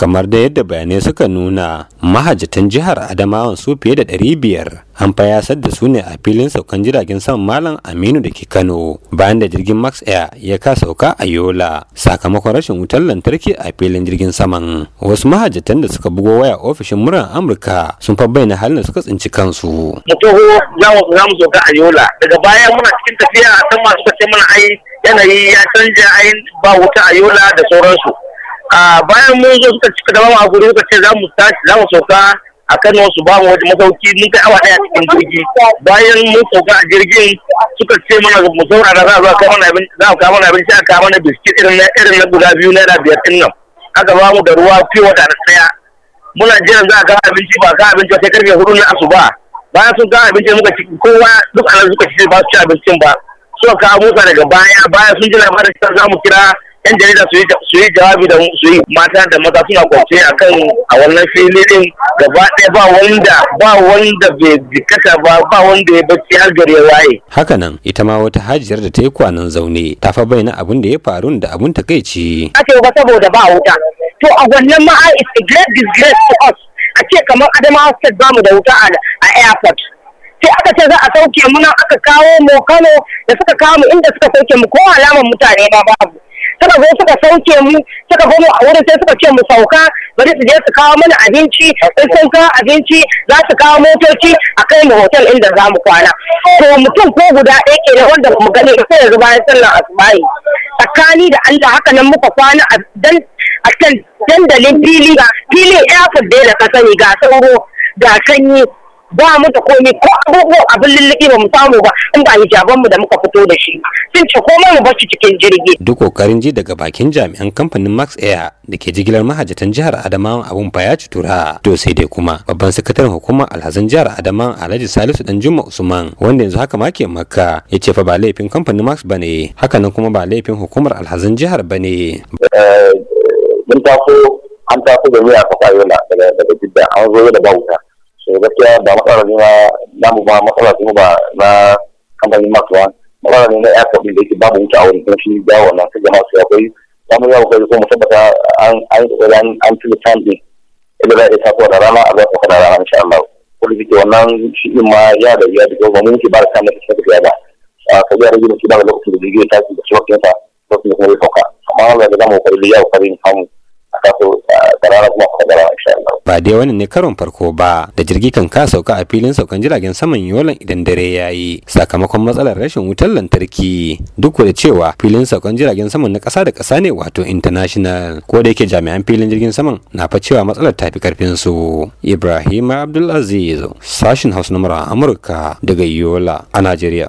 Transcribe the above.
kamar da yadda bayanai suka nuna mahajjatan jihar adamawan su fiye da 500 an fayasar da su ne a filin saukan jiragen saman malam aminu da ke kano bayan da jirgin max air ya ka sauka a yola sakamakon rashin wutar lantarki a filin jirgin saman wasu mahajjatan da suka bugo waya ofishin muran amurka sun fa bayyana halin da suka tsinci kansu za mu sauka a yola daga baya muna cikin tafiya a sama suka ce mana ai yanayi ya canja ai ba wuta a yola da sauransu bayan mun zo suka cika da a guri suka ce za mu tashi za mu sauka a Kano su ba mu masauki mun kai awa daya cikin jirgi bayan mun sauka a jirgin suka ce mana mu saurara za a zo kawo mana za a kawo mana abinci a kawo mana biskit irin na irin na guda biyu na biyar din nan aka ba mu da ruwa fiye wata da tsaya muna jiran za a kawo abinci ba kawo abinci ba sai karfe hudu na asuba bayan sun kawo abinci muka ci kowa duk nan suka ci ba su ci abincin ba suka kawo musa daga baya bayan sun ji labarin za mu kira yan jarida su yi jawabi da su yi mata da maza suna kwance a kan a wannan fili din gaba ɗaya ba wanda ba wanda bai jikata ba ba wanda ya bacci har gari ya waye. hakanan ita ma wata hajiyar da ta yi kwanan zaune ta fa bayyana abin da ya faru da abin ci. ake ba saboda ba wuta to a wannan ma ah, it's a great disgrace to us a ce kamar adamawa state ba mu da wuta a airport. sai aka ce za a sauke muna aka kawo mu kano da suka kawo mu inda suka sauke mu ko alamar mutane ba babu. suka zo suka sauke mu suka bamu a wurin sai suka ce mu sauka bari su je su kawo mana abinci in sun kawo abinci za su kawo motoci a kai mu hotel inda za mu kwana to mutum ko guda ɗaya ke ne wanda mu gani sai yanzu bayan sallar asubahi tsakani da Allah haka nan muka kwana a dan a kan dandalin fili fili airport da ka sani ga sauro ga sanyi ba mu da komai ko abubuwan abin lilliki ba mu samu ba in ba hijaban mu da muka fito da shi sun ce komai mu bashi cikin jirgi duk kokarin ji daga bakin jami'an kamfanin Max Air da ke jigilar mahajatan jihar Adamawa abun fa ci tura to sai dai kuma babban sakataren hukumar alhazan jihar Adamawa Alhaji Salisu Danjuma Usman wanda yanzu haka ma ke Makka ya ce fa ba laifin kamfanin Max bane hakanan kuma ba laifin hukumar alhazan jihar bane eh, mun taso an taso da wuya fa daga daga jidda an zo da bauta gaskiya ba matsala ne na mu ba matsala ne ba na kamfanin masu ba matsala ne na airport da yake babu wuta a wani kuma shi ga wannan sai jama'a su akwai samun yawa kai kuma tabbata an an an an tuna din idan za a isa ko da rana a za ka da rana insha Allah ko da wannan shi din ma ya da ya da ba mun ki ba da kamar da ba a ka a rage mutum da lokacin da zai ta ci da shi wakilta lokacin kuma zai sauka amma Allah da zamu kokari da yawa kwarin samu a kaso da insha Ba dai wannan ne karon farko ba da jirgi kan ka sauka a filin saukan jiragen saman yolan idan dare ya yi sakamakon matsalar rashin wutar lantarki duk da cewa filin saukan jiragen saman na ƙasa da ƙasa ne wato international ko da yake jami'an filin jirgin saman na fa cewa matsalar tafi karfin su. Ibrahim Abdulaziz sashin Hausa na Amurka daga Yola a Najeriya.